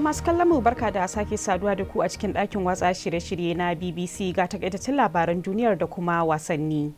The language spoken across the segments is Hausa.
masu kallon mu barka da sake saduwa da ku a cikin ɗakin watsa shirye-shirye na bbc ga takaitattun labaran duniyar da kuma wasanni.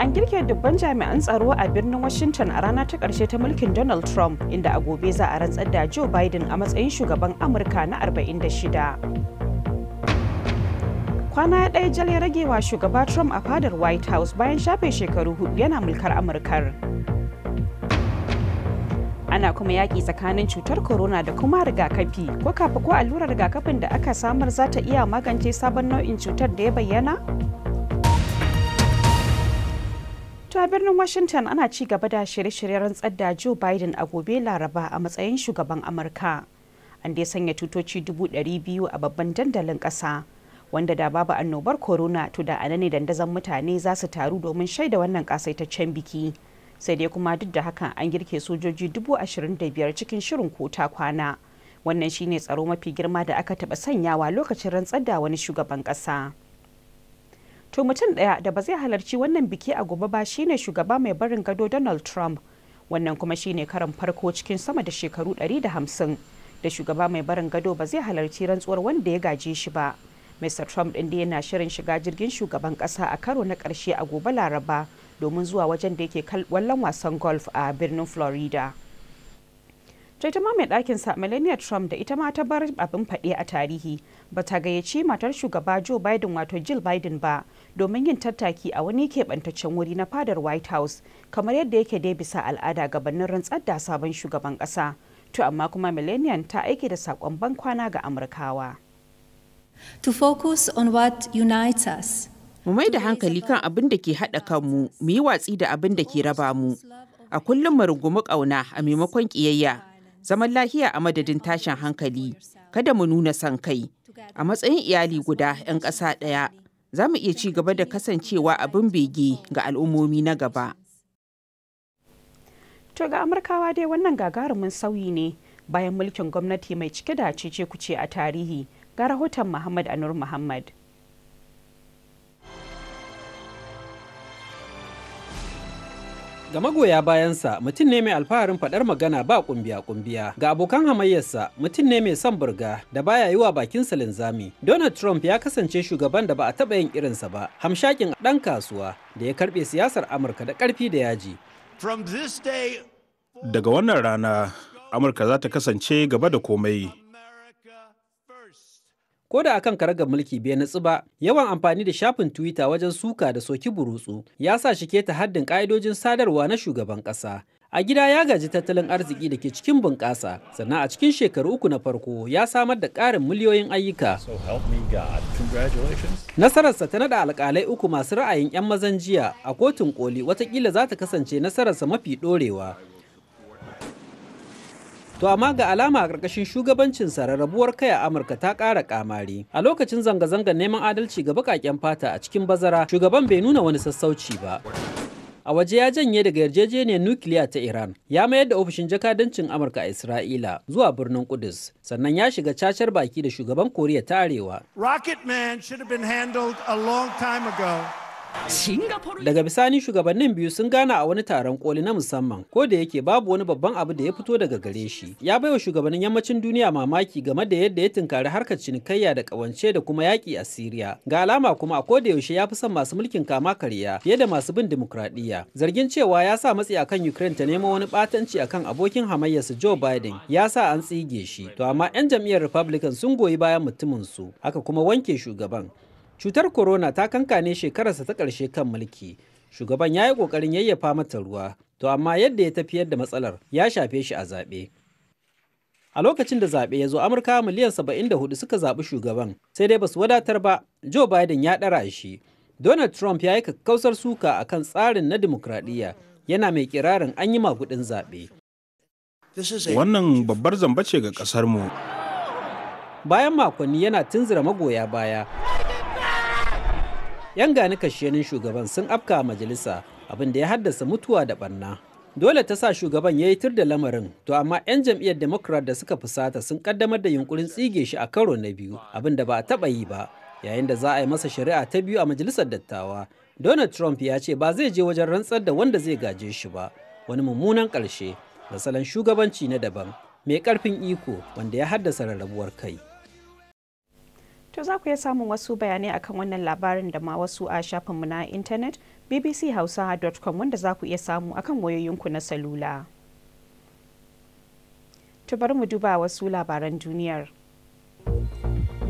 An girke dubban jami'an tsaro a birnin Washington a rana ta karshe ta mulkin Donald Trump, inda a gobe za a rantsar da Joe Biden a matsayin shugaban Amurka na 46. kwana ɗaya jal ya rage wa shugaba Trump a fadar White House bayan shafe shekaru hudu yana mulkar Amurkar. Ana kuma yaƙi tsakanin cutar corona da kuma rigakafi, ko kafa ko allurar rigakafin da aka samar za ta iya magance sabon nau'in cutar da ya bayyana? To a birnin Washington ana ci gaba da shirye-shiryen rantsar da Joe Biden a gobe Laraba a matsayin shugaban Amurka. An dai sanya tutoci dubu ɗari biyu a babban dandalin ƙasa. Wanda da babu annobar corona to da anan ne dandazon mutane za su taru domin shaida wannan ƙasaitaccen biki. Sai dai kuma duk da haka an girke sojoji dubu ashirin da biyar cikin shirin kota kwana. Wannan shine tsaro mafi girma da aka taɓa sanyawa lokacin rantsar da wani shugaban ƙasa. to mutum ɗaya da ba zai halarci wannan biki a gobe ba shine shugaba mai barin gado donald trump wannan kuma shine karan farko cikin sama da shekaru 150 da shugaba mai barin gado ba zai halarci rantsuwar wanda ya gaje shi ba mr trump ɗin da yana shirin shiga jirgin shugaban ƙasa a karo na ƙarshe a gobe laraba domin zuwa wajen da yake kallon wasan golf a birnin florida ta ta mai ɗakin sa Melania Trump da ita ma ta bar abin faɗe a tarihi ba ta gayyaci matar shugaba Joe Biden wato Jill Biden ba domin yin tattaki a wani keɓantaccen wuri na fadar White House kamar yadda yake dai bisa al'ada gabanin rantsar da sabon shugaban ƙasa. To amma kuma Melania ta aike da saƙon ban kwana ga Amurkawa. To focus on what unites us. Mu mai da hankali kan abin da ke haɗa kanmu, mu yi watsi da abin da ke raba mu. A kullum mu rungumi ƙauna a maimakon kiyayya. zaman lahiya a madadin tashin hankali kada mu nuna son kai a matsayin iyali guda 'yan ƙasa ɗaya za mu iya ci gaba da kasancewa abin bege ga al'ummomi na gaba to ga amurkawa dai wannan gagarumin sauyi ne bayan mulkin gwamnati mai cike da cece kuce a tarihi ga rahoton muhammad anur muhammad Ga magoya bayansa mutum ne mai alfaharin faɗar magana ba kumbiya-kumbiya. Ga abokan hamayyarsa mutum ne mai son burga da baya yi wa bakinsa linzami. Donald Trump ya kasance shugaban da ba a taɓa yin irinsa ba, hamshakin ɗan kasuwa da ya karɓe siyasar Amurka da karfi da yaji. Daga wannan rana, Amurka za ta kasance gaba da komai. ko da akan karagar mulki bai natsu ba yawan amfani da shafin twitter wajen suka da soki burutsu ya sa shi keta haddin ka'idojin sadarwa na shugaban ƙasa a gida ya gaji tattalin arziki da ke cikin bunƙasa sannan a cikin shekaru uku na farko ya samar da ƙarin miliyoyin ayyuka nasararsa ta nada alƙalai uku masu ra'ayin 'yan mazan jiya a kotun koli watakila za ta kasance nasararsa mafi ɗorewa To amma ga alama a ƙarƙashin shugabancin sa rarrabuwar kai a Amurka ta ƙara ƙamari. A lokacin zanga-zangar neman adalci ga baƙaƙen fata a cikin bazara, shugaban bai nuna wani sassauci ba. A waje ya janye daga yarjejeniyar nukiliya ta Iran, ya mayar da ofishin jakadancin Amurka a Isra'ila zuwa birnin Kudus, sannan ya shiga cacar baki da shugaban Koriya ta Arewa. Rocket Man should have been handled a long time ago. Daga bisani shugabannin biyu sun gana a wani taron koli na musamman ko da yake babu wani babban abu da ya fito daga gare shi. Ya bai wa shugabannin yammacin duniya mamaki game da yadda ya tunkari harkar cinikayya da kawance da kuma yaƙi a Siriya. Ga alama kuma a koda yaushe ya fi son masu mulkin kama karya fiye da masu bin dimokuraɗiyya. Zargin cewa ya sa matsi akan Ukraine ta nemo wani ɓatanci akan abokin hamayyarsa Joe Biden ya sa an tsige shi. To amma 'yan jam'iyyar Republican sun goyi bayan mutumin su. Haka kuma wanke shugaban. cutar corona ta kankane shekararsa ta ƙarshe kan mulki shugaban ya yi ƙoƙarin yayyafa mata ruwa to amma yadda ya tafiyar da matsalar ya shafe shi a zaɓe a lokacin da zaɓe ya zo amurka miliyan 74 suka zaɓi shugaban sai dai basu wadatar ba joe biden ya ɗara shi donald trump ya yi kakkausar suka akan tsarin na dimokuraɗiyya yana mai kirarin an yi magudin zaɓe wannan babbar zamba ce ga ƙasarmu bayan makonni yana tunzura magoya baya 'yan gani kashenin shugaban sun afka majalisa abin da ya haddasa mutuwa da barna dole ta sa shugaban ya yi tur da lamarin to amma 'yan jam'iyyar democrat da suka fusata sun kaddamar da yunkurin tsige shi a karo na biyu abin da ba a taba yi ba yayin da za a yi masa shari'a ta biyu a majalisar dattawa donald trump ya ce ba zai je wajen rantsar da wanda zai gaje shi ba wani mummunan ƙarshe da salon shugabanci na daban mai karfin iko wanda ya haddasa rarrabuwar kai To za ku iya samun wasu bayanai akan wannan labarin da ma wasu a shafinmu na intanet bbchausa.com wanda za ku iya samu akan wayoyinku na salula. To bari mu duba wasu labaran duniyar.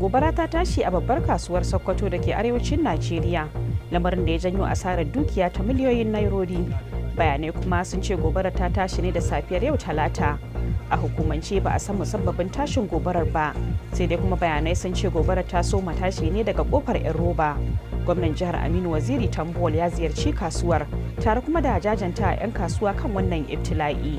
Gobara ta tashi a babbar kasuwar Sokoto da ke arewacin Najeriya, lamarin da ya janyo asarar dukiya ta miliyoyin nairobi Bayanai kuma sun ce gobara ta tashi ne da safiyar yau talata. a hukumance ba a san musabbabin tashin gobarar ba sai dai kuma bayanai sun ce gobarar ta so matashi ne daga kofar yan roba gwamnan jihar aminu waziri tambol ya ziyarci kasuwar tare kuma da jajanta 'yan kasuwa kan wannan ibtila'i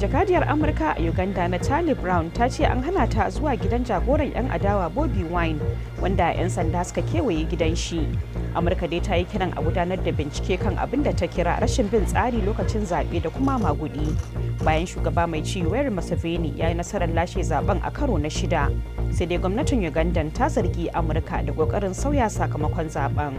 jakadiyar amurka a uganda natalie brown ta ce an hana ta zuwa gidan jagoran 'yan adawa bobby wine wanda 'yan sanda suka kewaye gidan shi amurka dai ta yi kiran a gudanar da bincike kan abin da ta kira rashin bin tsari lokacin zaɓe da kuma magudi bayan shugaba mai ci yoweri museveni ya yi nasarar lashe zaben a karo na shida sai dai gwamnatin uganda ta zargi amurka da kokarin sauya sakamakon zaben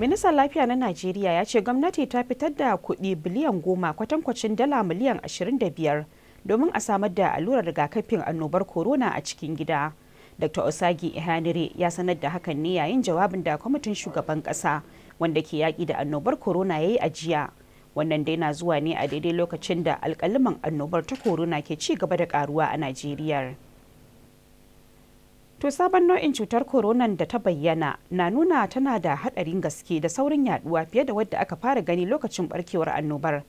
ministan lafiya na najeriya ya ce gwamnati ta fitar da kuɗi biliyan goma kwatankwacin dala miliyan 25 domin a samar da allurar rigakafin annobar corona a cikin gida. dr osagi ihanire ya sanar da hakan ne yayin jawabin da kwamitin shugaban kasa wanda ke yaƙi da annobar corona ya yi a jiya wannan dai na zuwa ne a daidai lokacin da alkaliman annobar ta corona ke ci gaba da karuwa a najeriya to sabon nau'in cutar koronan da ta bayyana na nuna tana da hadarin gaske da saurin yaduwa fiye da wadda aka fara gani lokacin barkewar annobar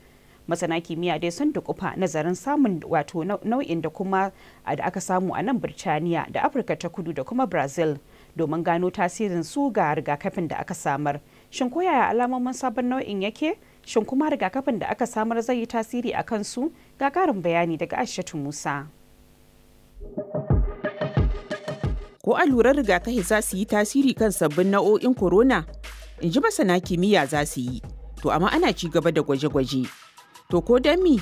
masana kimiyya dai sun dukufa nazarin samun wato nau'in da kuma da aka samu a nan birtaniya da afirka ta kudu da kuma brazil domin gano tasirin su ga rigakafin da aka samar shin ko yaya alamomin sabon nau'in yake shin kuma rigakafin da aka samar zai yi tasiri a kansu ga karin bayani daga ashatu musa ko allurar rigakafi za su yi tasiri kan sabbin nau'o'in corona in ji masana kimiyya za su yi to amma ana ci gaba da gwaje-gwaje To ko don mi?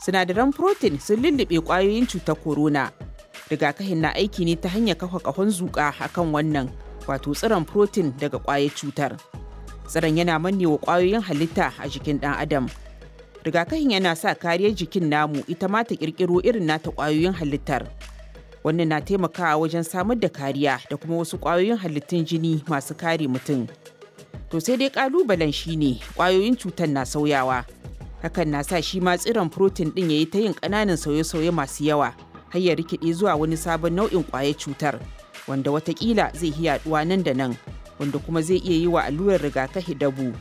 Sinadaran protein sun lullube kwayoyin cutar corona. Rigakafin na aiki ne ta hanyar kafa kahon zuƙa akan wannan, wato tsiron protein daga ƙwayar cutar. Tsiron yana manne wa ƙwayoyin halitta a jikin ɗan adam. Rigakafin yana sa kariyar jikin namu ita ma ta ƙirƙiro irin nata kwayoyin halittar. Wannan na taimakawa wajen samar da kariya da kuma wasu kwayoyin halittun jini masu kare mutum. To sai dai ƙalubalen shine ƙwayoyin cutar na sauyawa. hakan na sa shi ma tsiron protein din yayi yi ta yin ƙananan sauye-sauye masu yawa har ya rikide zuwa wani sabon nau'in ƙwayar cutar wanda watakila zai iya yaduwa nan da nan wanda kuma zai iya yi wa allurar rigakafi dabu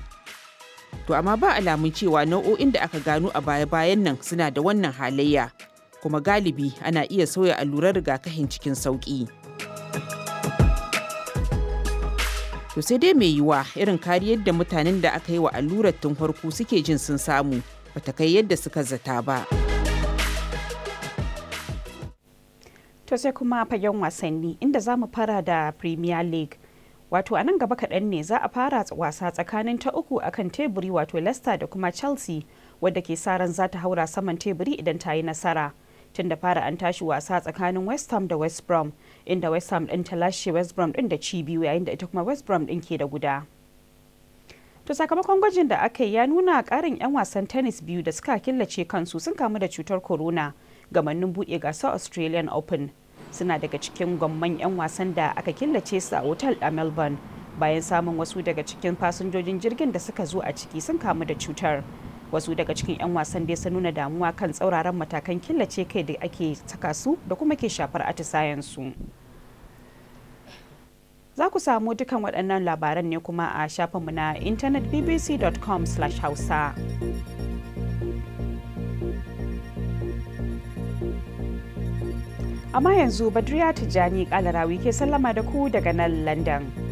to amma ba alamun cewa nau'o'in da aka gano a baya-bayan nan suna da wannan halayya kuma galibi ana iya sauya allurar rigakafin cikin sauƙi. to sai dai mai yiwa irin kariyar da mutanen da aka yi wa allurar tun farko suke jin sun samu bata kai yadda suka zata ba to sai kuma fagen wasanni inda za mu fara da premier league wato a nan gaba kaɗan ne za a fara wasa tsakanin ta uku akan teburi wato leicester da kuma chelsea wadda ke sa ran za ta haura saman teburi idan ta yi nasara tun da fara an tashi wasa tsakanin west ham da west brom inda west ham ɗin ta lashe west brom ɗin da ci biyu yayin da ita kuma west brom ɗin ke da guda to sakamakon gwajin da aka yi ya nuna karin 'yan wasan tennis biyu da suka killace kansu sun kamu da cutar corona gamannin buɗe gasar australian open suna daga cikin gwamman 'yan wasan da aka killace su a otal a melbourne bayan samun wasu daga cikin fasinjojin jirgin da suka zo a ciki sun kamu da cutar wasu daga cikin 'yan wasan dai sun nuna damuwa kan tsauraran matakan killace kai da ake saka su da kuma ke shafar atisayen su za ku samu dukan waɗannan labaran ne kuma a shafinmu na intanet bbc.com/hausa amma yanzu badriya tijjani kalarawi ke sallama da ku daga nan london